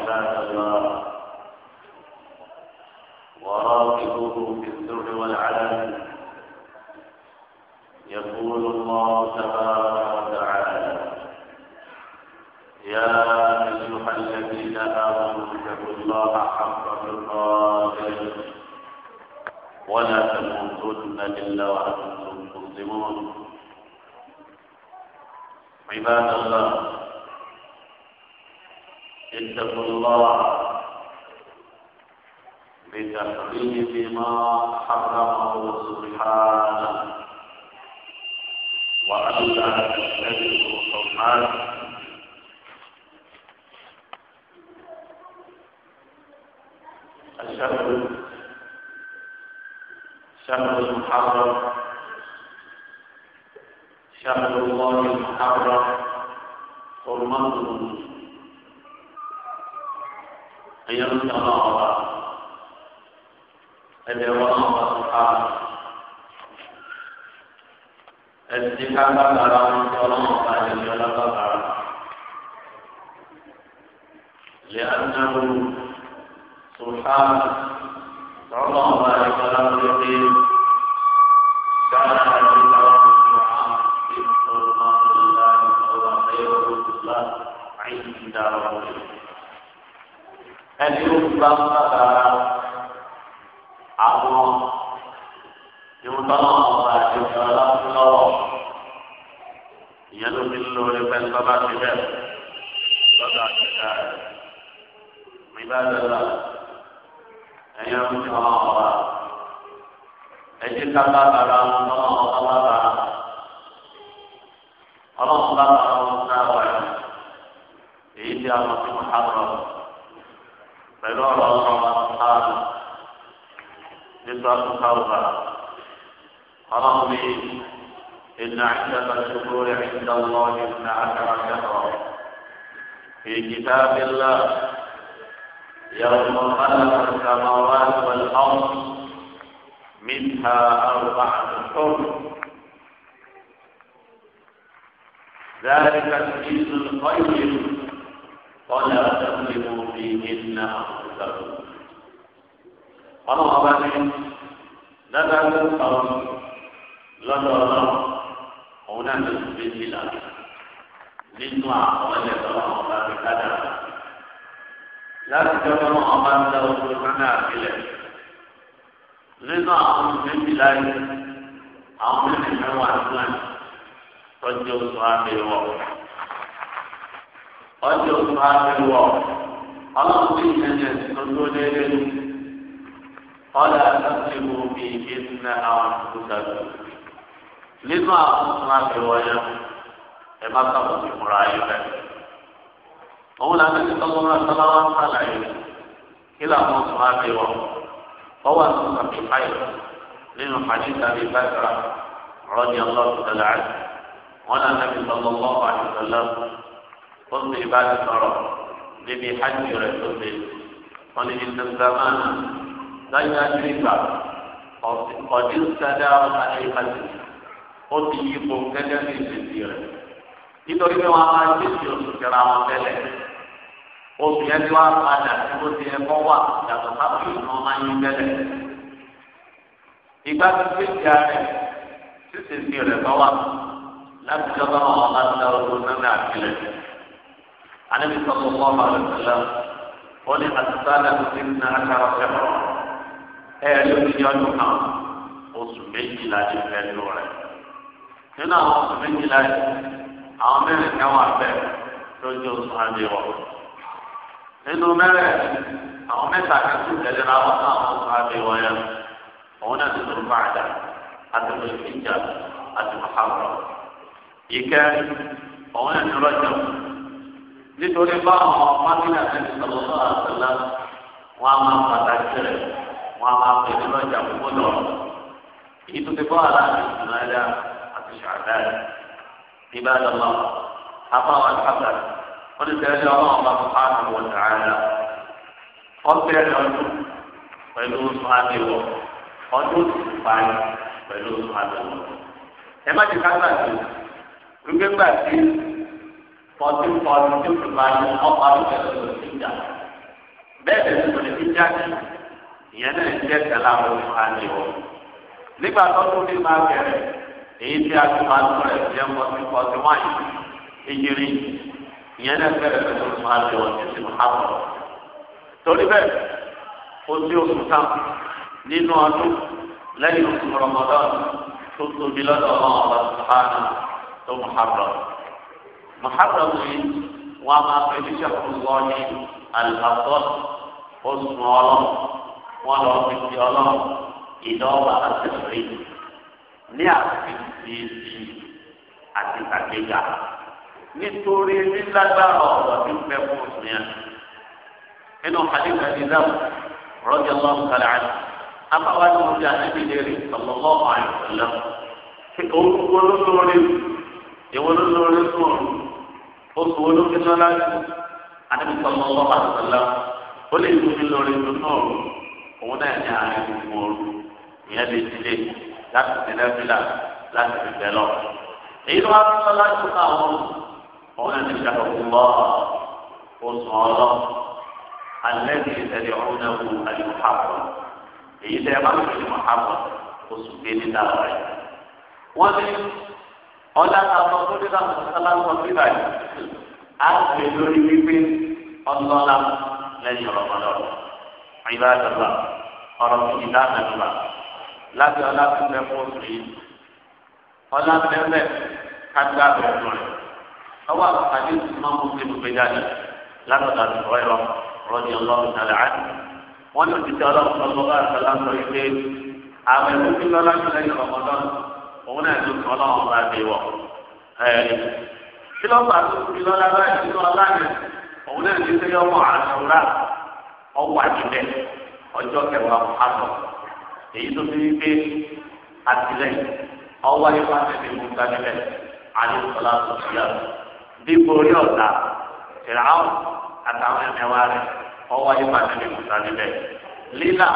عباد الله وراقبوه في السر والعلن يقول الله تبارك وتعالى يا أيها الذين آمنوا اتقوا الله حق تقاته ولا تموتن إلا وأنتم مسلمون عباد الله الله بتحريم ما حرمه سبحانه وألا تتبعوا حرمات الشهر شهر المحرم شهر الله المحرم حرمته ẹ̀yẹ ló ti ọlọ́run ọba ẹ̀dẹ̀ ọlọ́run tó ká ẹ̀sìn tí ká gbàgbára wọn tí ọlọ́run ọba yẹn ní ọlọ́gbàgbára lè ánàbó tó ká ọlọ́run ọba yẹn ní ọlọ́gbàgbára كان حديث عن سبحانه الله عند ربه ẹni ló ń bá bàbá àwọn ìmúdánwò ọba àti ìjọba láti lọ́wọ́ ìyẹn ló fi lórí pẹ̀lú bàbá ti bẹ̀ lọ́dọ̀ àtẹ̀ká rẹ̀ mi bá dọ̀la ẹ̀yẹ ló ti ọmọ ọba ẹ̀jẹ̀ ká bá bàbá ọmọ ọba ọlọ́run bá bàbá wọn náà wà èyí tí a mọ̀ sí mọ̀ sábà. pẹ̀lú ọ̀rọ̀ ọmọ ọ̀sáàlù nígbà tó sáwùbà ọlọ́run ní ìlànà ìjọba ṣubú rẹ̀ ìjọba ọlọ́run ìlànà àkàrà kẹrọ ìjìká bílá يوم خلق السماوات والأرض منها أربعة حر ذلك الحديث القيم ọ̀nà àtàkùnlémù bí iná àkùtàkù. ọlọ́run ọba ní dáadáa ọ̀rọ̀ lọ́dọ̀ ọlọ́run òun náà ló ti fi ìlà nínú àkọọ́lẹ̀ ọlọ́run ọba ní dáadáa. láti jọ ọlọ́run ọba ń da ojú sánà àbílẹ̀ nínú àwọn méjì láyé àwọn mẹ́rin mẹ́wàá ní wọn tọ́jú oṣù àbẹ̀wọ̀. ọjọ́ tó bá ti wọ̀ ọlọ́run ti ṣẹ̀ṣẹ̀ tó tó léde ọ̀dà láti mú àwọn ìgbésàgbé tó máa fi wọ̀ yẹn ẹ má sábà ti múra ayé bẹ́ẹ̀. òun làwọn ti tọ́jú náà sábà wá ń sàlàyé kí làwọn tó máa fi wọ̀ ọwọ́ àti sàbí báyìí nínú fàdí sàbí báyìí rọ́ọ̀dì ọlọ́run tẹ̀lé àjẹ́ wọn làwọn ti tọ́jú náà ó sì bá ti sọ̀rọ̀ níbi hajj rẹ̀ tó ṣe wọ́n ní ní sẹ́ńtàmánà lọ́yìn àdìrígbà ọ̀dí sádà àdìrígbàtì ó ti yí ipò gẹ́gẹ́ bí ìṣèṣì rẹ̀ nítorí pé wọ́n á máa ṣèṣì oṣù kẹra wọn tẹ́lẹ̀ oṣù yẹn tí wọ́n á padà tí ó ti ẹ̀kọ́ wà yàtọ̀ sábà yìí wọ́n máa yín tẹ́lẹ̀ ìgbà tó ṣe ìjà rẹ̀ ṣíṣèṣì rẹ̀ bá wà láti jọba wọn ọ̀gá tó dáwọ́ tó náà àkìlẹ̀. النبي صلى الله عليه وسلم قل السنة اثنا عشر شهرا هي يوم oṣù méjìlá ti fẹ́ lò rẹ̀ nínú àwọn oṣù méjìlá yìí àwọn mẹ́rin kan wà bẹ́ẹ̀ lójú oṣù àdìwọ̀ nínú mẹ́rin àwọn mẹ́ta kan tún tẹ̀lé ra wọn fún àwọn oṣù àdìwọ̀ yẹn òun náà ti tó bá àjà àti lòlù ìjà àti mọ̀hábọ̀ ìkẹ́ òun náà ti nítorí báwọn ọmọ nílẹ̀ àti sọ̀rọ̀ àtàlà wọn a máa pàtàkì rẹ̀ wọn a máa pè ní lọ́jà púpọ̀ lọ. èyí tó ti bọ́ aláàbò ìsúnáyà àti ṣàdáyà nígbà tó lọ afáwọn àtàkà wọn ti tẹ̀lé ọlọ́run bá fún àwọn àwọn ọ̀tàrà ọ̀bẹ lọ́dún pẹ̀lú sùnàdéwọ̀ ọdún ìparí pẹ̀lú sùnàdéwọ̀. ẹ má ti ká gbàgbé wípé gbàgbé fọdún fọdún tó fi máa ní ọkọ àdúgbò tó lè fi jà bẹ́ẹ̀ lè tó lè fi jà kí ìyẹn náà jẹ́ tẹ̀lé àwọn olùkọ́ni wọn. nígbà tó tó lè máa bẹ̀rẹ̀ èyí tí a ti máa tó rẹ̀ jẹ́ fọdún fọdún wáyé ìjírí ìyẹn náà bẹ̀rẹ̀ tó lè máa lè wọ́n títí muhammed. torí bẹ́ẹ̀ o tí o sùn tán nínú ọdún lẹ́yìn oṣù rọmọdọ́n tó tóbi lọ́dọ̀ ọlọ́run ọba sùhánà tó muhammed muhammed yìí wọn a máa fẹ́ jíjẹ́ fún wọn ní alùpàtọ́ oṣù ọlọ́run wọn lọ fi ti ọlọ́run ìdánwò àtẹ̀sọ̀rí ní àfihàn ti àti ìtàgbéga nítorí lílágbára ọ̀rọ̀ tí ń bẹ fún oṣù yẹn nínú àdéhùn ìdáhùn rọ́jà lọ́wọ́ kálá àná amáwá ni mo fi àdébí léèrè ọ̀lọ́lọ́ àyùkọ̀lọ́ orúkọ ló lóore ìwọ ló lóore fún òun oṣù wo ló fi ná lájú àdébùtọ́ ọmọ ọmọ àtàlá ó lè tún mi lórí inú náà òun náà ní àárín gbogbo ooru ìyẹn lè dílé láti fi lẹ́fìlà láti fi lọ. èyí ló wá fi ná lájú àwọn òun náà ní ìṣàkóso lọ oṣù ọlọ alẹ́ ní ìtẹ̀lé ọ̀hún náà wù àyùkáfọ́ èyí tẹ́ ẹ bá fi ní mọ̀hámọ́ oṣù gbé ní dáhùn rẹ̀. wọ́n ní ọ̀dà àtàwọn tó dé láti sọ́lá ń wọ́n bíbá yìí á lè lórí wípé ọlọ́lá lẹ́yìn ọ̀rọ̀mọlọ́ ìbá àdàlà ọ̀rọ̀ kìí dáná nípa láti ọ̀dà tó fẹ́ fún oṣù yìí ọ̀dà tẹ́lẹ̀ kájú àbẹ̀rẹ̀ rẹ̀ ọwọ́ àkàdé tó máa ń mú sí ibùgbé jáde látọ̀dà ìfọ̀rọ̀ ẹ̀rọ rọ́ọ̀dì ọlọ́run tàlẹ́ àti wọ́n ní òtítọ́ ọlọ́run tó lọ́ òun náà ló kọ́ lọ́wọ́ bá mi wọ̀ ẹ̀ẹ́dì kí ló bá tó fi lọ́la òun náà ti fi ọmọ ọwọ́ ọjọ́ kẹwàá àtọ̀ èyí tó fi wípé ọwọ́ tẹ̀lé mú tó ọ̀tá ìràwọ̀ àtàwọn rẹ̀ ọwọ́ tẹ̀lé mú lílà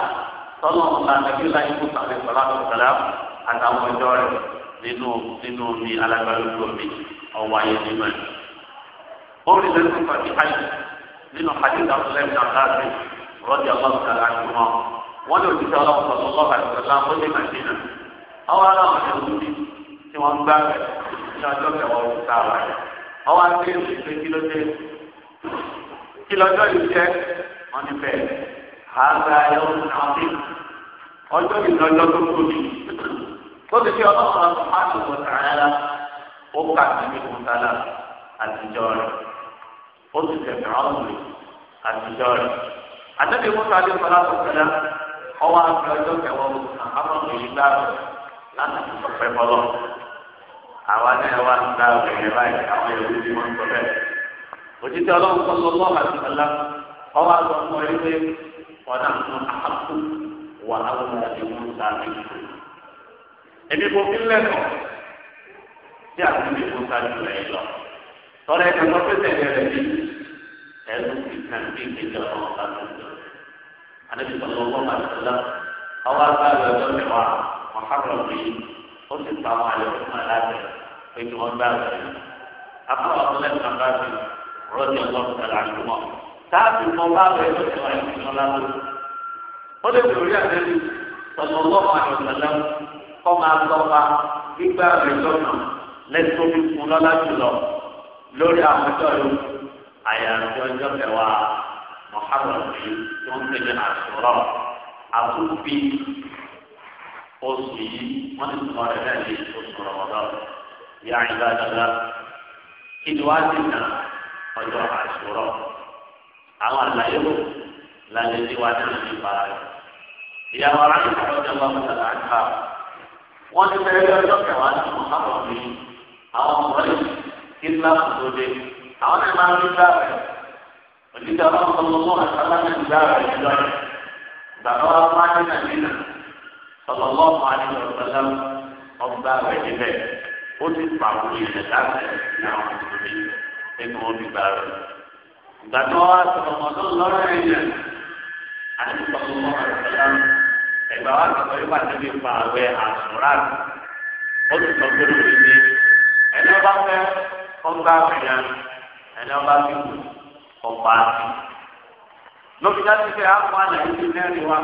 tọ́lọ́ àtàwọn ọjọ́ rẹ̀ nínú nínú omi alágbálùkù omi ọwọ́ ayé nínú ẹ̀. ó rí lẹ́nu nípa ti hajj nínú hajj dàbílẹ̀ dàbílẹ̀ rọ́dì ọlọ́ọ̀kà láti mọ́. wọ́n ní òjijì ọlọ́ọ̀kà lọ́wọ́ àtìgbàlá ó ní màdínà. ọwọ́ aláwọ̀ ẹ̀ ló ní tí wọ́n gbá rẹ̀ ní ọjọ́ kẹwàá oṣù táwa rẹ̀. ọwọ́ akéwì pé kí ló dé kí lọ́jọ́ yìí jẹ́ wọ́n ní bẹ́ẹ̀ àgbà ẹ̀ ọjọ́ tó tóbi lóde tí ọlọ́run máa sọ máa tòkò tààrà ó kà sí ní kùtàlà àtijọ́ rẹ̀ ó sì tẹ̀sẹ̀ ọ̀hún rẹ̀ àtijọ́ rẹ̀ àtẹ̀lé mọ́tò adéfọlá tó tẹ̀lé ọwọ́ àti ọjọ́ kẹwọ́ àbọ̀mọ̀ yìí gbà rẹ̀ láti fi sọ̀pẹ́ bọ́lọ̀ àwa náà wà ń gbà rẹ̀ báyìí àwọn èrò tí wọ́n ń sọ bẹ́ẹ̀ òjijì ọlọ́run tó èmi kò fi lẹ́kọ̀ọ́ tí àti mi kò sáájú rẹ̀ lọ. tọ́lá ẹ̀ka lọ pé tẹ̀lé rẹ̀ bí ẹ̀rù ti kàn bí ìgbésẹ̀ ọ̀hún ọ̀gá tó ń lọ. àdébí sọ̀rọ̀ ọgbọ́n máa ti lọ. ọwọ́ agbára ẹ̀rọ mẹ́wàá wọn sábà wí ó sì pa àwọn àyọ̀ fún aláàbẹ̀ pé kí wọ́n gbá rẹ̀. akọ́wà tó lẹ́nu kan bá ti rọ́ọ̀dì ọlọ́run tẹ̀lé àjùmọ̀. táàbì kan bá rẹ̀ ló ti wáyé fún ọlá kọ́ máa tọ́pa gbígbà rẹ̀ lọ́nà lẹ́tọ́ fi fún lọ́lá jùlọ lórí àkọ́jọ́ yìí àyàrá ọjọ́ kẹwàá Muharram yìí tó ń tẹ̀lé Àṣúrà àtúnfi oṣù yìí wọ́n ti sọ rẹ̀ náà ní oṣù Ramadan yá ìgbà dada kí ni wàá dìgbà ọjọ́ Àṣúrà àwọn àlàyé wò lálẹ́ tí wàá dìgbà nípa ìyàwó aláìsàn ọjọ́ bá wọn tẹ̀lé àṣà wọ́n ti bẹ̀rẹ̀ lọ́jọ́ kẹwàá ní mọ̀hámọ̀ mi àwọn ọmọdé islam tó dé àwọn náà máa ń rí dáàbẹ̀ onídàá ọmọ ọmọ àtàlà náà ń dáàbẹ̀ nílọ rẹ̀ bàbá wa máa ń nà nínà sọlọ́lọ́ máa ń ọgbà rẹ̀ níbẹ̀ ó ti pa ilẹ̀ dáàbẹ̀ ní àwọn mùsùlùmí nínú omi gbà rẹ̀ gbàtọ́ wa sọ̀rọ̀ mọ́tò lọ́rọ̀ àti sọlọ́lọ́ àtàlà náà ẹgbà wa kàtọ́ yóò bá tẹ̀lé pa àwẹ̀ àṣùrà ó sì sọ pé lórí ní ẹni ọba fẹ́ ọgbà àwẹ̀yà ẹni ọba fi kù ọgbà àti. lóbi dájú pé a kọ́ àlẹ́ yìí mẹ́rin wa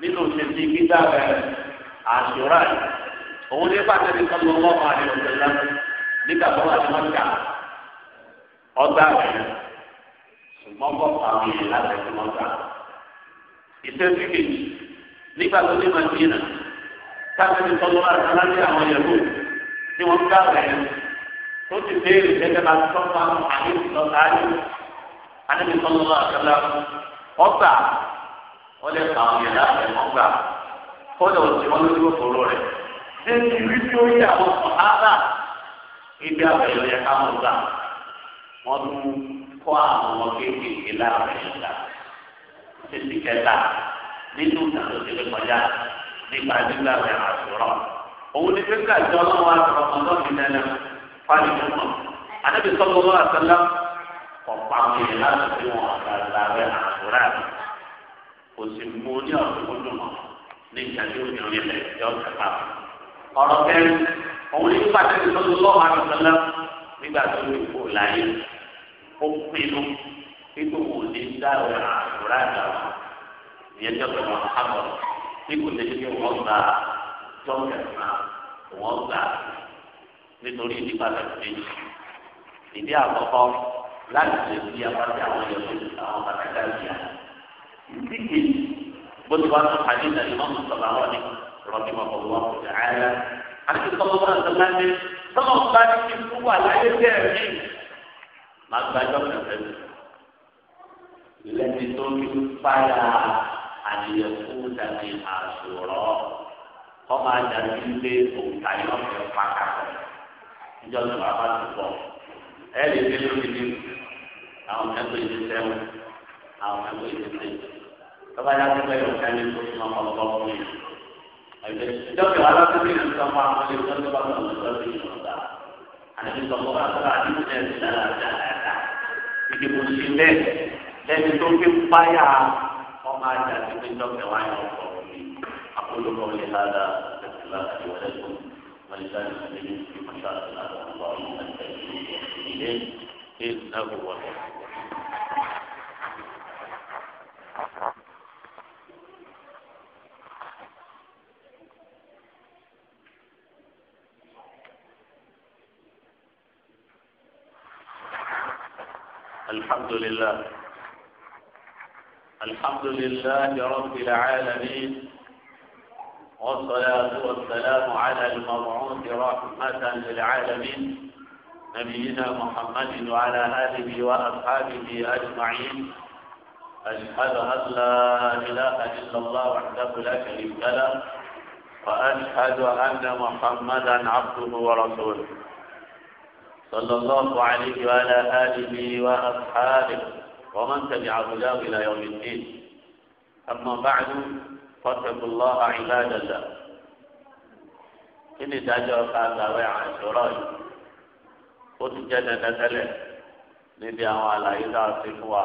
nínú ìṣèjì gíga rẹ̀ àṣùrà òun ní pàtẹ́ ní sọ́dún ọlọ́run àti ọ̀sẹ̀lá nígbà tó wà ní ọjà ọgbà àwẹ̀yà ṣùgbọ́n bọ́ àwọn èèyàn láti ọjà. ìṣèjì kejì nígbà tó dé Madina táwọn ẹni tọ́jú wa rẹ̀ láti àwọn yẹ̀wò tí wọ́n gbà rẹ̀ tó ti béèrè gẹ́gẹ́ bá tó wà àdéhùn lọ́ta àdéhùn àdéhùn tọ́jú wa rẹ̀ lọ́ta ọgbà ọlẹ́ àwọn yẹn láti ẹ̀mọ́ gbà kọ́dọ̀ òsì wọn lójú òfòrò rẹ̀ ṣé ìrí tí ó yẹ àwọn sọ̀hábà ibi àbẹ̀yọ̀ yẹ káwọn gbà wọ́n tún kọ́ àwọn ọmọ kéékèèké láàbẹ̀yọ̀ gbà ṣé ti kẹta nínú ìdájọ́ ti lè kọjá nípa gbígbà rẹ̀ àṣùrọ̀. òun ni pé káàjọ ọlọ́wọ́ àtọ̀rọ̀ ọlọ́ọ̀mí lẹ́nu fáyọ̀ mọ́. àdébí sọ́kọ́ lọ́wọ́ àtọ́lá ọ̀pá àwọn èèyàn láti fi wọn àgbàlá rẹ̀ àṣùrọ̀ àti kò sì mú ní ọ̀dọ́gbọ́dọ̀ mọ́ ní ìdájọ́ obìnrin rẹ̀ yọ kẹfà. ọ̀rọ̀ kẹrin òun ni pé àdébí sọ́kọ́ lọ́wọ́ àtọ́lá nígbà tó ń kó láyé ó pinnu pípé òun ní dáhùn àṣùrọ̀ àtàwọn ìyẹn tí ọ̀sẹ̀ wọn ká bọ̀ bí kò lè ṣe wọ́n gba jọ́ọ̀kẹ̀ náà wọ́n gba nítorí ìdí pàtàkì ìdí àkọ́kọ́ láti lè fi apáti àwọn ẹ̀yọ́ àwọn pàtàkì àríyá. ìdí kejì bó ti wá sọ àdé ìdàgbé wọn kò sọ̀rọ̀ àwọn ni rọ̀bì wọn kò wọ́n kò dáhàá. àti tọ́lọ́ bá sọ láti tọ́lọ́ bá ní kí fún wa láyé tẹ̀ mí. màá gbàjọ́ kẹfẹ́ mi. lẹ́ni tó ń fi àdìyẹ fún dàbí àṣùrọ ọmọ àdàbí ilé òǹkà yóò fẹ́ pàkàtọ níjọ tó bá bá lè dé lórí ní àwọn ẹgbẹ́ ìdí sẹwọn àwọn ẹgbẹ́ ìdí sẹwọn tọ́ba yá tó bẹ́ẹ̀ lọ́kàn tó fún ọmọ ọgbọ́n fún yìí ẹgbẹ́ ìjọ tó bá lọ́kàn ní ìlú sọ́mọ àwọn ilé tó tó bá lọ́kàn ní tó fi ìṣọ̀dá àti sọ̀kọ́ bá tó bá àdìyẹ náà ti dára ìdìbò sí bẹ́ẹ̀ lẹ́ni tó fi páyà وما جاء من جوك وعين أقول قولي هذا أستغفر الله لي ولكم ولسان المسلمين في مشاعر الأرض الله أن إليه إنه هو الغفور الحمد لله الحمد لله رب العالمين والصلاة والسلام على المبعوث رحمة للعالمين نبينا محمد وعلى آله وأصحابه أجمعين أشهد أن لا إله إلا الله وحده لا شريك له وأشهد أن محمدا عبده ورسوله صلى الله عليه وعلى آله وأصحابه ومن تبع هداه إلى يوم الدين أما بعد فاتقوا الله عباد الله kíni ìdájọ́ káàkiri àṣọrọ̀ yìí ó ti jẹ́ dandan tẹ́lẹ̀ níbi àwọn àlàyé tá a ti fún wa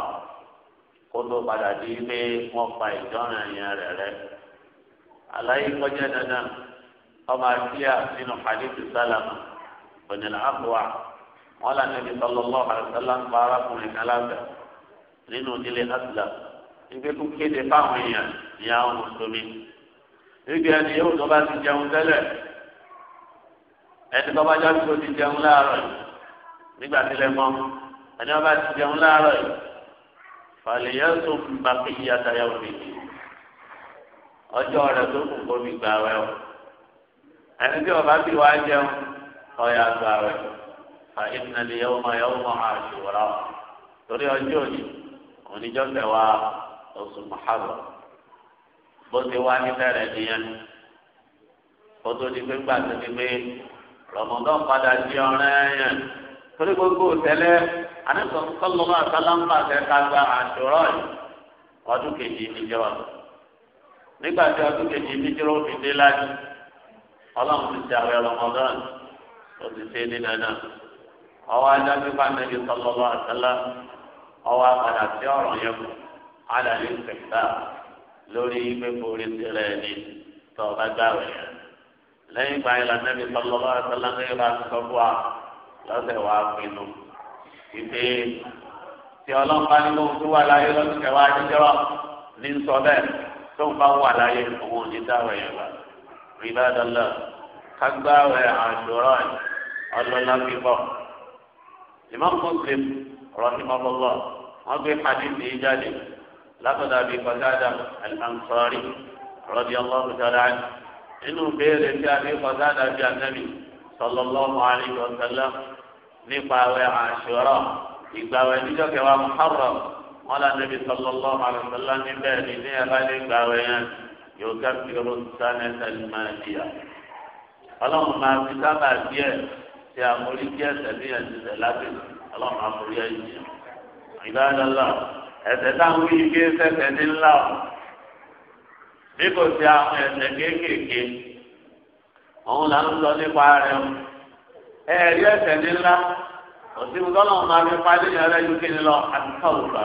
kó tó padà di pé wọ́n pa ìjọ́nà yẹn rẹ̀ rẹ́ àlàyé kọjá dandan ọmọ akíyà nínú hadithi sálàmù ònìlà àbúwà wọn là níbi sọlọ́lọ́ àrùsálàmù arákùnrin kan lábẹ́. nínú ìdílé aslam ìgbé kó kéde fáwọn èèyàn ìyá àwọn mùsùlùmí níbi ẹni yóò tó bá ti jẹun tẹ́lẹ̀ ẹni tó bá jáde tó ti jẹun láàárọ̀ yìí nígbà ẹni wọn bá ti jẹun láàárọ̀ yìí fàlẹ́yìn tó ń bá kéyìí àtàyàwó nìyí ọjọ́ rẹ̀ tó kù kó gbà o ẹni tí ọba bí wàá jẹun ọ̀yà gbà wẹ̀ fa ìdílé torí ọjọ oníjọ́ kẹwàá oṣù mọ̀hálà bó ti wá níbẹ̀rẹ̀ nìyẹn kó tó di pé gbà tó di pé rọmọdọ́ padà di ọ̀rẹ́ yẹn torí gbogbo tẹ́lẹ̀ anẹ́sọ̀ kọ́lọ́mọ́ àtàlámà tẹ́ka gba àṣọrọ́ yìí ọdún kejì níjọ́ nígbà tí ọdún kejì níjọ́ fi dé láti ọlọ́run ti ṣe àwẹ̀ rọmọdọ́ ó ti ní dandan ọwọ́ adájú bá nẹ́bí sọlọ́lọ́ àtàlámà ọwọ́ apàdà sí ọ̀rọ̀ yẹn kù alàlẹ́ ìfẹ̀tà lórí pípọ̀ orí tẹ̀lẹ̀ ní tọ́ọ̀bá gbàwé yẹn. lẹ́yìn ìgbà yẹn lànàbí sọlọ́lá sọlọ́lá bá sọ fún wa lọ́sẹ̀ wá pinnu. ìpè tí ọlọ́pàá ní kó tó wà láyé lọ́sẹ̀ wá jíjọ́ ní sọ bẹ́ẹ̀ tó ń bá wà láyé òun ní dáwọ̀ yẹn wá. rìbádọ́lá kágbáwé àjọrọ̀ ọlọ́lá bíbọ̀. ìmọ̀ rahimahullah wọ́n gbé hadithi yìí jáde látọ̀dọ̀ àbí kọ́tàdà al-ansari radiyallahu ta'ala nínú béèrè tí àbí kọ́tàdà bí ànábì sallallahu alayhi wa sallam nípa àwẹ̀ àṣùrọ̀ ìgbà àwẹ̀ níjọ́ kẹwàá muharram wọn là níbi sallallahu alayhi wa sallam níbẹ̀ ní ní ẹ̀ bá ní gbà àwẹ̀ yẹn yóò ká kírun sánẹ́tà ní máa dìyà ọlọ́run máa fi sábà díẹ̀ ṣe àmórí díẹ̀ tẹ̀lé ẹ̀ ọlọ́run máa forí ẹ̀yìn yẹn ìbáraẹnlá ẹ̀ṣẹ̀ táwọn yìí ké sẹsẹ ní ńlá o bí kò sí àwọn ẹ̀ṣẹ̀ kéékèèké òun là ń sọ nípa rẹ̀ o ẹ rí ẹ̀ṣẹ̀ ní ńlá òsínú tọ́lọ́run máa fi pa lẹ́yìn ọlẹ́yìn kí ni lọ àti káwọ́ bá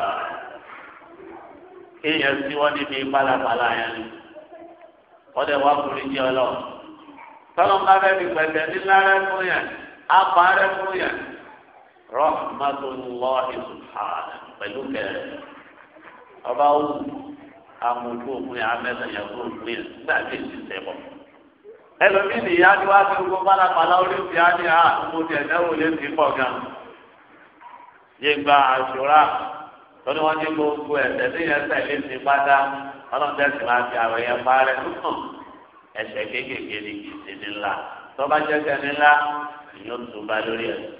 kéèyàn sí wọn níbi pálapàla yẹn ni wọ́n dẹ̀ wá ní ọlọ́run tọ́lọ́run bá fẹ́ fi pẹ̀sẹ̀ ní ńlá rẹ̀ fún yẹn á pa fún yẹn rahmatulahi subhanahu pẹ̀lú kẹrẹ ọba wù amójú òkun yà mẹ́ta yà kó òkun yà nígbà tí èsì sẹ́bọ̀. ẹlòmíì nìyá ni wàá fi gbogbo pálapàla orí ti á ní à mo ti ẹ̀dáwó lé ti pọ̀ gan. yé gba àṣùrà lórí wọn ní gbogbo ẹ̀sẹ̀ tí yẹn tẹ̀lé ti pátá ọlọ́run máa fi àwọn yẹn parẹ́ tuntun ẹ̀sẹ̀ kéékèèké ni kì ní ńlá tọ́ba jẹ́ sẹ́ni ńlá ìyóò tún bá lórí ẹ̀sẹ̀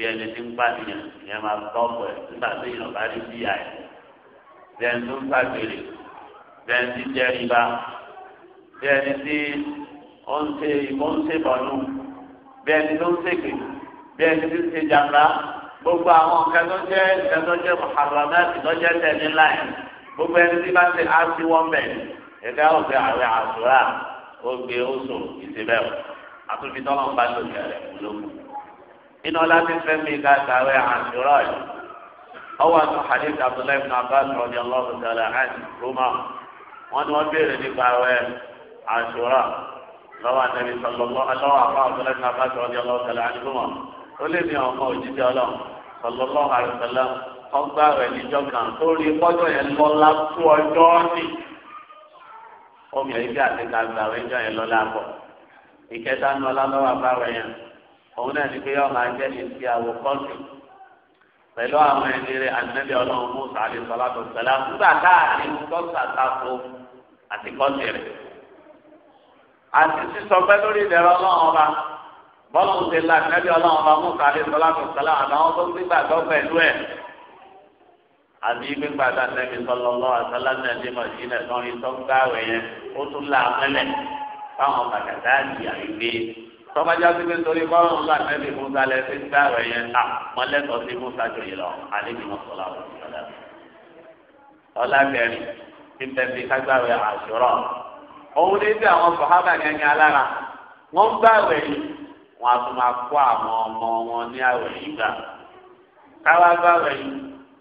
bí ẹni tí ń pàdéyàn ìyẹn máa tọ́ ọ̀pọ̀ ẹ̀ nígbà tí èèyàn bá rí bí àyè bí ẹni tó ń pàgbèrè bí ẹni tí jẹ́ riba bí ẹni tí ó ń ṣe ìbọn ń ṣe bọ̀nú bí ẹni tó ń ṣègbè bí ẹni tí ń ṣe jàmbá gbogbo àwọn kẹtọ́jẹ́ kẹtọ́jẹ́ muhammed kẹtọ́jẹ́ tẹ̀lé láì gbogbo ẹni tí bá ṣe áṣí wọn bẹ̀ ẹ̀ka ọ̀gbẹ́ àwẹ̀ àṣùrà ó gbé oṣù ìṣẹ̀bẹ̀ àtúntì tọ́lọ́ ń bá lòkè rẹ̀ lókun. إن ولا تفهمي ذات أوي عن فراج أول حديث عبد الله بن عباس رضي الله تعالى عنه روما وأن وبير لك أوي عاشوراء روى النبي صلى الله عليه وسلم عبد الله بن عباس رضي الله تعالى عنهما ولم يوم وجد الله صلى الله عليه وسلم ọgbà rẹ níjọ kan tó rí kọjọ yẹn lọlá tó ọjọ ní omi ẹgbẹ àti kàgbà rẹ jọ yẹn lọlá bọ ìkẹta ní ọlá lọ́wọ́ àbá rẹ yẹn òun náà ní pé yọ máa jẹ́ ìsì àwò kọ́ọ̀tù pẹ̀lú àwọn ẹni rẹ̀ ànábì ọlọ́run mú sàlẹ̀ sọlá tó sẹlá nígbà káàdì kọ́ọ̀tà tako àti kọ́ọ̀tù rẹ̀. àti sísọ pé lórí ìdẹ̀rọ ọlọ́run ọba bọ́lá ń tẹ̀lé ànábì ọlọ́run ọba mú sàlẹ̀ sọlá tó sẹlá àtàwọn tó gbígbàgbọ́ pẹ̀lú ẹ̀. àbí gbígbàgbọ́ ànábì sọlọ́lọ́ àtàlá náà tọ́bajá sí pé torí bọ́ọ̀rùn ńlá nẹ́bí musa lẹ fi ń gbá rẹ̀ yẹn ta wọn lẹ́tọ̀ọ́ sí musa jò yìí lọ àlejò wọn sọ̀rọ̀ àwọn ìṣẹ̀lẹ̀. ọlágẹ̀rin ti bẹ̀bí kágbáwé àṣùrọ̀ òun ní bí àwọn sọ̀hábà gẹ́gẹ́ alára wọ́n ń gbá rẹ̀ yìí wọ́n á tún máa kó àwọn ọmọ wọn ní àwẹ̀ yìí gbà. káwá gbá rẹ̀ yìí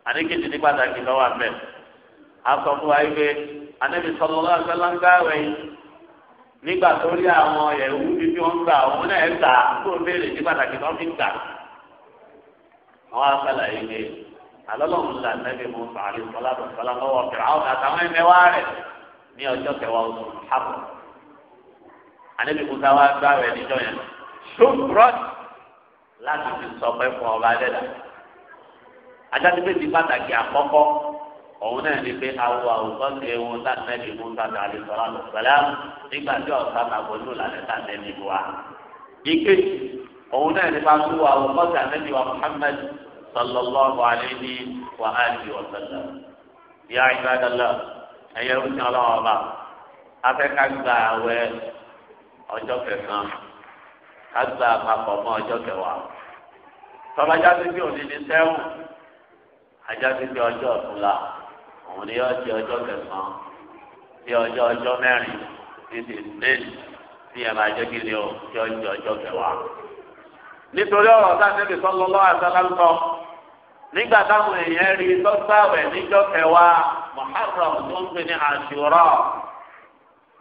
àdékèjì ní pàtàkì lọ́wọ́ àbẹ̀ nígbà tó rí àwọn ẹ̀wù bíbí wọn gbà òun náà ń tà tó béèrè ní pàtàkì tó fi ń tà. àwọn akálà yìí ni alọ́lọ́run là nẹ́bí mu sàárì sọlábọ̀ sọlábọ̀ wọ̀ fẹ̀rẹ̀ àwọn àtàwọn ẹ̀mẹ́wá rẹ̀ ní ọjọ́ kẹwàá oṣù àbọ̀. ànẹ́bí musa wa gbá rẹ̀ níjọ́ yẹn ṣùgbọ́n láti fi sọ pé fún ọba dẹ́dà. ajá ti pé ti pàtàkì àkọ́kọ́ òun náà ní pé awo àwòkọ́ ṣe ewu sàtẹ́bí mú sàtẹ́ àlùsọ̀rọ̀ àlùsọ̀rọ̀ nígbà tí ọ̀sán àbójú làlẹ́ sàtẹ́bí wa. ike òun náà ní pàṣẹ wo àwòkọ́ sàtẹ́bí wa Muhammad sallallahu alayhi wa alihi wa sallam. ya ibadallah ẹ̀yẹ oṣù ọlọ́wọ́ba afẹ́ká gba àwẹ̀ ọjọ́ kẹsàn-án ká gba àpapọ̀ mọ́ ọjọ́ kẹwàá. tọ́lájà òun ni yóò di ọjọ́ kẹsàn-án sí ọjọ́ ọjọ́ mẹ́rin títí méjì tí ẹ máa jẹ́ kí ni o tí ó di ọjọ́ kẹwàá. nítorí ọ̀rọ̀ sáfẹ́bí sọ́lọ́lọ́ àtàlántọ́ nígbà táwọn èèyàn rí sọ́sáwẹ̀ níjọ́ kẹwàá Muharram tó ń pè ní Àṣúrà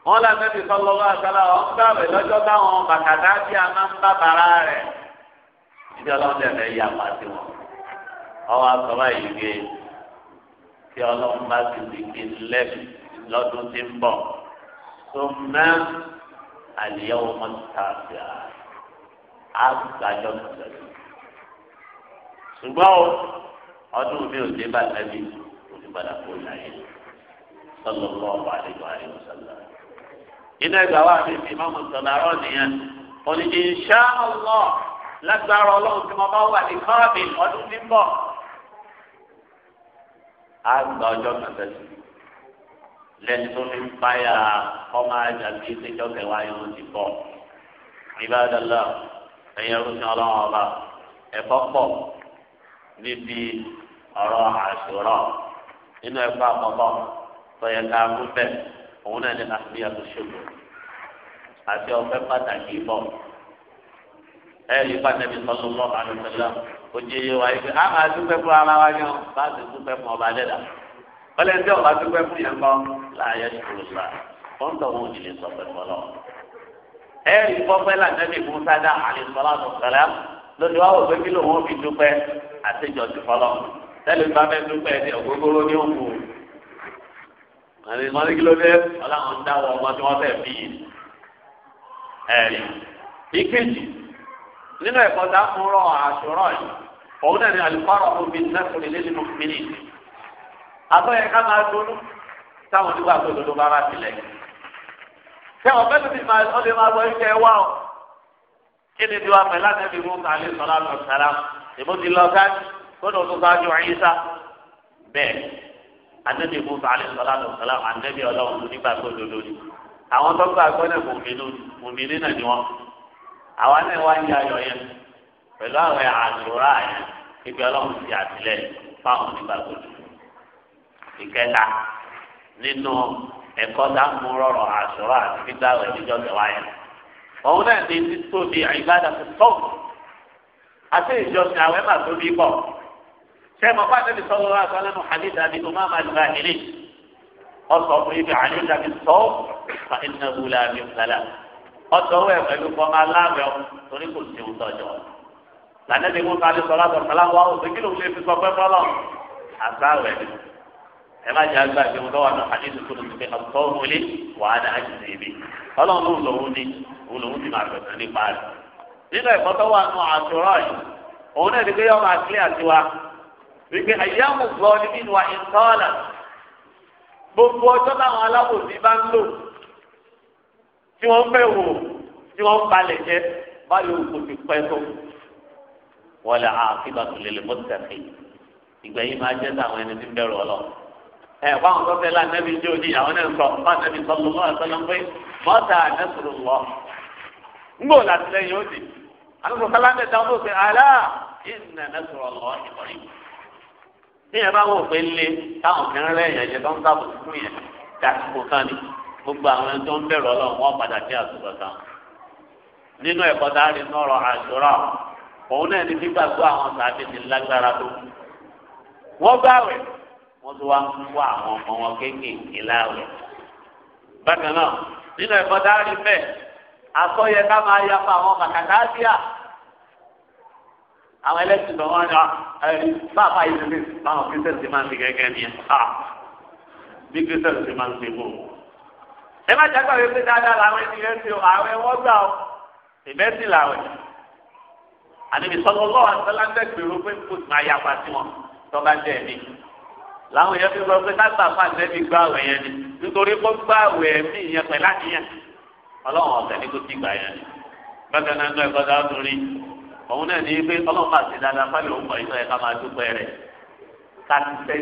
wọn làtẹ́bí sọ́lọ́lọ́ àtàlántọ́ sáwẹ̀ lọ́jọ́ táwọn bàtàdá bí a máa ń bá bàrà rẹ̀ ìjọba ọ̀dẹ̀ tí ọlọ́run bá ti di kí n lẹ́bi lọ́dún tí ń bọ̀ tó mẹ́ àlìyáwó mọ́tàbíà àgbàjọ kọ̀ọ̀lẹ́. ṣùgbọ́n ọdún mi ò dé bá lẹ́bi olùbàdàn kò láyé sọlọ́kọ́ ọba àdéhùn àdéhùn sọlá. iná ìgbà wa mi fi máa sọlá rọ nìyẹn òní ọlọ́ lágbára ọlọ́run tí mo bá wà ní kọ́ọ̀bì ọdún tí ń bọ̀ á gba ọjọ́ kẹtẹ́sì lẹ́ni tó fi ń páyà ọmọ ajá bíi ṣéjọ́ kẹwàá yóò ti bọ̀ ìbádọ́lá ẹ̀yẹ rúṣin ọlọ́run ọba ẹ̀kọ́ pọ̀ níbi ọ̀rọ̀ àṣùrọ̀ nínú ẹ̀kọ́ àkọ́kọ́ tọ́yẹ ká mú bẹ́ẹ̀ òun náà ní àbíyá tó ṣògbọ́n àti ọ̀fẹ́ pàtàkì bọ̀ ẹ̀rí pàtẹ́bí sọ́dún lọ́wọ́ àlùfẹ́lá ojú iye wa yìí pé a máa dúpẹ́ fún ara wa ni ọ bá ti dúpẹ́ fún ọba dẹ́dà wọ́n ẹni tí ọba dúpẹ́ fún yẹn kọ́ láàyè ṣòro sá wọ́n tọ̀ wọ́n ò lè sọ pẹ̀lú ọlọ́ ẹ̀rí pọ́pẹ́ làtẹ́bí fún sádà àlùfẹ́lá tó kẹlẹ́ lónìí wàá wò pé kí lòun ò fi dúpẹ́ àtijọ́ ti fọlọ́ tẹ́lẹ̀ bá fẹ́ dúpẹ́ ẹ̀ ògógóró ní òkú àti mọ́lẹ́kí ló dé ọlọ́run dáwọ́ ọmọ tí wọ́n fẹ́ bí ẹ̀rí ìkejì nínú ẹ̀kọ́ tá a fún rọ àṣọrọ yìí òun náà ni àlùfáàrọ̀ tó fi nẹ́sùn ilé nínú mílì. àbẹ̀yẹ ká máa dúró táwọn onígbà tó dodo bá bá tilẹ̀. ṣé ọ̀fẹ́ tó ti máa ọdẹ máa sọ iṣẹ́ wá o kí ni tiwa pẹ̀lú àtẹ́bí mú kàlẹ́ sọ́lá lọ sàrà èmo ti lọ sáájú kódò tó sáájú ẹ̀yíṣà bẹ́ẹ̀ àtẹ́bí mú kàlẹ́ sọ́lá lọ sàrà àwa náà wá ń yá ayọ̀ yẹn pẹ̀lú àwọn àdúrà yẹn ibi ọlọ́run ti àtìlẹ́yìn fáwọn onígbàgbọ́ ìkẹta nínú ẹ̀kọ́ dáhùn rọrọ̀ àṣọrọ̀ àti gbígbàwé níjọ́ kẹwàá yẹn òun náà ní títóbi àyíkáda tó tó àti ìjọsìn àwẹ̀ máa tóbi pọ̀ ṣé mo bá tẹ̀lé sọ́wọ́ wá sọ́lá nù hadith àbí tó máa máa lù báyìí ọ̀sọ̀ fún ibi àlejò àbí sọ́ọ̀ ọtọwọ ẹ pẹ̀lú kọ máa láàbẹ ọ torí kò sí ohun tọjọ lànàbí mú kálí sọlá sọsọlá wà ó ṣe kí ló ń lè fi sọ pé fọlọ àgbáwẹ ni ẹ má jẹ àgbà ìdíwọ lọ́wọ́ àná àdéhùn tó lóṣù pé ọtọ wọlé wàá dá àjùmọ èmi Ọlọ́run ló ń lò wọn ni òun lòun ti máa bẹ̀rẹ̀ nípa rẹ̀ nínú ẹ̀kọ́ tó wà nù àtúrọ yìí òun náà ní pé yọọ máa kílẹ̀ àtiwá wípé àyẹ̀wò gbọ́ tí wọ́n fẹ́ wò tí wọ́n balẹ̀ jẹ́ báyọ̀ kò ti pẹ́ tó wọ́n lè àkíbà tó lè lè mọ́ tẹ̀sí ìgbà yìí máa jẹ́ táwọn ẹni tí ń bẹ̀rù ọlọ́ ẹ fáwọn tó fẹ́ lánàbí jẹ́ òjì àwọn náà sọ fáwọn sọlọ lọ́wọ́ sọlọ pé mọ́tà àdẹ́sùrù lọ. ń gbò látìlẹ́yìn ó di àwọn sọ̀tà lánàá dáwọn tó fẹ́ àlá ìnà àdẹ́sùrù lọ́wọ́ ìbọn yìí. bí bá wọ̀ pé lé táwọn kẹrin rẹ̀ yẹn tó ń sábò fún yẹn dàtúkò kan ni gbogbo àwọn ẹni tó ń bẹ̀rù ọlọ́run wọn padà sí àtúbọ̀ kan nínú ẹ̀kọ́ tá a lè nọ̀rọ̀ àṣùrà òun náà ní gbígbàgbọ́ àwọn sàbí ti lágbára tó wọ́n báwẹ̀ wọ́n tó wá ń wá àwọn ọmọ wọn kéékèèké láwẹ̀ bákan náà nínú ẹ̀kọ́ tá a lè fẹ́ àsọyẹ ká máa ya fún àwọn kàkàtà àbíà àwọn ẹlẹ́sìn lọ wọ́n yọ ẹ̀rí báàbá yìí lè báwọn kristian ẹ má jágbá wí pé dáadáa làwọn ẹni rẹ ti o àwọn ẹwọ́n gbà o ìbẹ́sì làwọn ẹ̀ àníbi sọlọ lọ́wọ́ àtàláńtẹ̀ gbèrú pé kò sì máa yapa sí wọn tọ́ba jẹ́ ẹ̀mí làwọn èèyàn fi sọ pé káàtà fàṣẹ mi gbà wẹ̀ yẹn ni nítorí kó gbà wẹ̀ mí yẹn pẹ̀ láníyàn ọlọ́run ọ̀sẹ̀ ní kò sí gbà yẹn ni bákan náà ní ẹ̀kọ́ dáa torí òun náà ní pé ọlọ́run bá ti dáadáa fáwọn òun pọ̀ ìtọ́ ẹ̀ká máa dúpẹ́ rẹ̀ ká ti fẹ́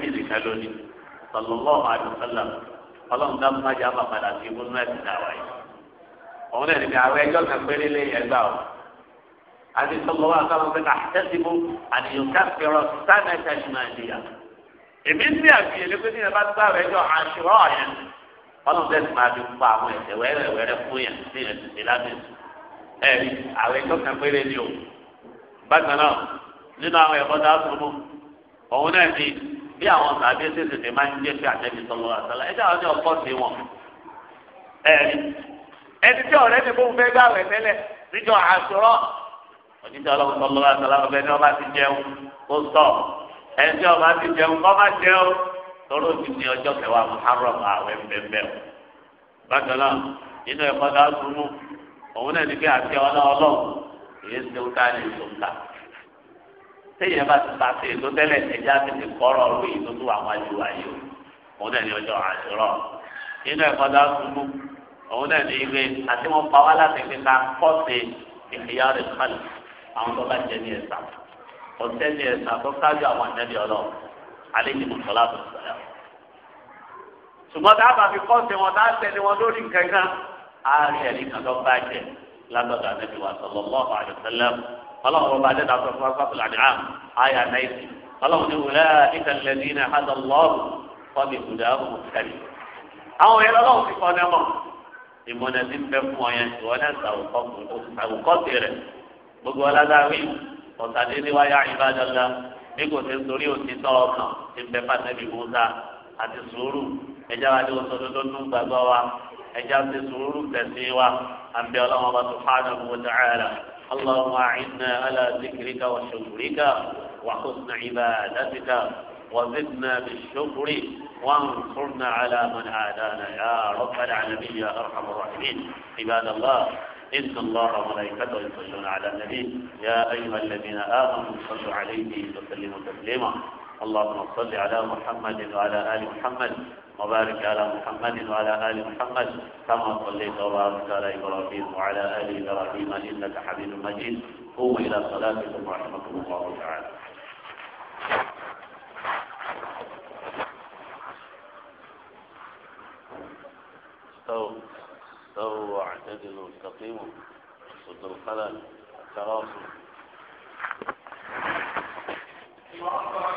díẹ̀ sallallahu alaihi wasallam ọlọ́run dá mọ́jà bá padà sí ibùdó ẹ̀sìn náà wáyé. òun náà nìkan àwọn ẹjọ́ kan péré lé ẹgbà o. àti sọ̀rọ̀ wà sáwọn pé ká tẹ́síbù àdìyàn káfíọ̀rọ̀ sáńdà ṣáàṣì máa di yà. èmi ń ní àfihàn lé pé ní ẹ̀bá tó àwọn ẹjọ́ àṣírọ́ ọ̀yẹn. ọlọ́run tẹ̀sí máa fi pa àwọn ẹ̀sẹ̀ wẹ́rẹ́wẹ́rẹ́ fún yàn sí ẹ̀sìn lábẹ́sù. ẹ̀rí àwọn ẹjọ́ kan péré ni o. bákan bí àwọn tàbí ṣèṣe ṣe máa ń jẹ́ sí àtẹ́bí sọ̀rọ̀ àtàlà ẹ̀jẹ̀ àwọn ọjọ́ pọ̀ sí wọn. ẹ̀rí ẹni tí ọ̀rẹ́ mi fún fẹ́ gbà wẹ̀ tẹ́lẹ̀ níjọ àṣọrọ̀ òjíṣẹ́ ọlọ́run sọ̀rọ̀ àtàlà ọbẹ̀ ni ọba ti jẹun kó sọ ẹni tí ọba ti jẹun kọ́ má jẹun tọ́lọ́ ti ní ọjọ́ kẹwàá muharram àwẹ̀ bẹ́ẹ̀ bákan náà nínú ẹ̀kọ́ dáa téèyàn bá ti pàṣẹ ètò tẹ́lẹ̀ ẹ̀já ti ti kọ́rọ̀ ọ̀rọ̀ èyí tó tún wà wájú wa yìí o òun náà ní ọjọ́ àṣírọ̀ nínú ẹ̀kọ́ dá túbú òun náà ní ilé àti wọn pa wá láti fi ká kọ́ọ̀sì ìfìyà rẹ̀ kálí àwọn tó bá jẹ ní ẹ̀sà ọ̀sẹ̀ ní ẹ̀sà tó kájú àwọn àjẹbí ọlọ́run alẹ́ ní mùsùlá tó sọ̀rọ̀ ṣùgbọ́n tá a bá fi kọ́ọ̀sì wọn tá a tẹ̀lé wọn lórí nǹkan kan á rí ẹ̀rí ọlọ́run ọba dẹ́ta sọ fún afáfúlà ní àm àyà náìsì ọlọ́run ní wùlẹ́ ìtẹ̀lẹ́dì ní àdá lọ́ọ̀rù fọ́ọ̀mì ìbùdá òkùnkẹ́lì. àwọn yẹn lọ́wọ́ ti kọ́ ní ọmọ ìmọ̀nà ti ń bẹ fún ọ yẹn ìwọ náà sàwùkọ́ ti rẹ̀ gbogbo ọlọ́dáwí ọ̀tàdínníwáyà ìbádọ́lá bí kò ti torí òtítọ́ ọkàn ti ń bẹ fàtẹ́bí musa àti sùúrù ẹja wa ni oṣooṣo tó nù gbàgbọ́ wa ẹja ti sùúrù tẹ̀sí wa àbí ọlọ́run ọba tó fáwọn ọmọ wọn اللهم أعنا على ذكرك وشكرك وحسن عبادتك وزدنا بالشكر وانصرنا على من عادانا يا رب العالمين يا أرحم الراحمين عباد الله إن الله وملائكته يصلون على النبي يا أيها الذين آمنوا صلوا عليه وسلموا تسليما اللهم صل على محمد وعلى آل محمد وبارك على محمد وعلى آل محمد كما صليت وباركت على إبراهيم وعلى آل إبراهيم إنك حميد مجيد قوموا إلى صلاتكم ورحمكم الله تعالى استووا استووا واعتدلوا استقيموا ضد الخلل التراصوا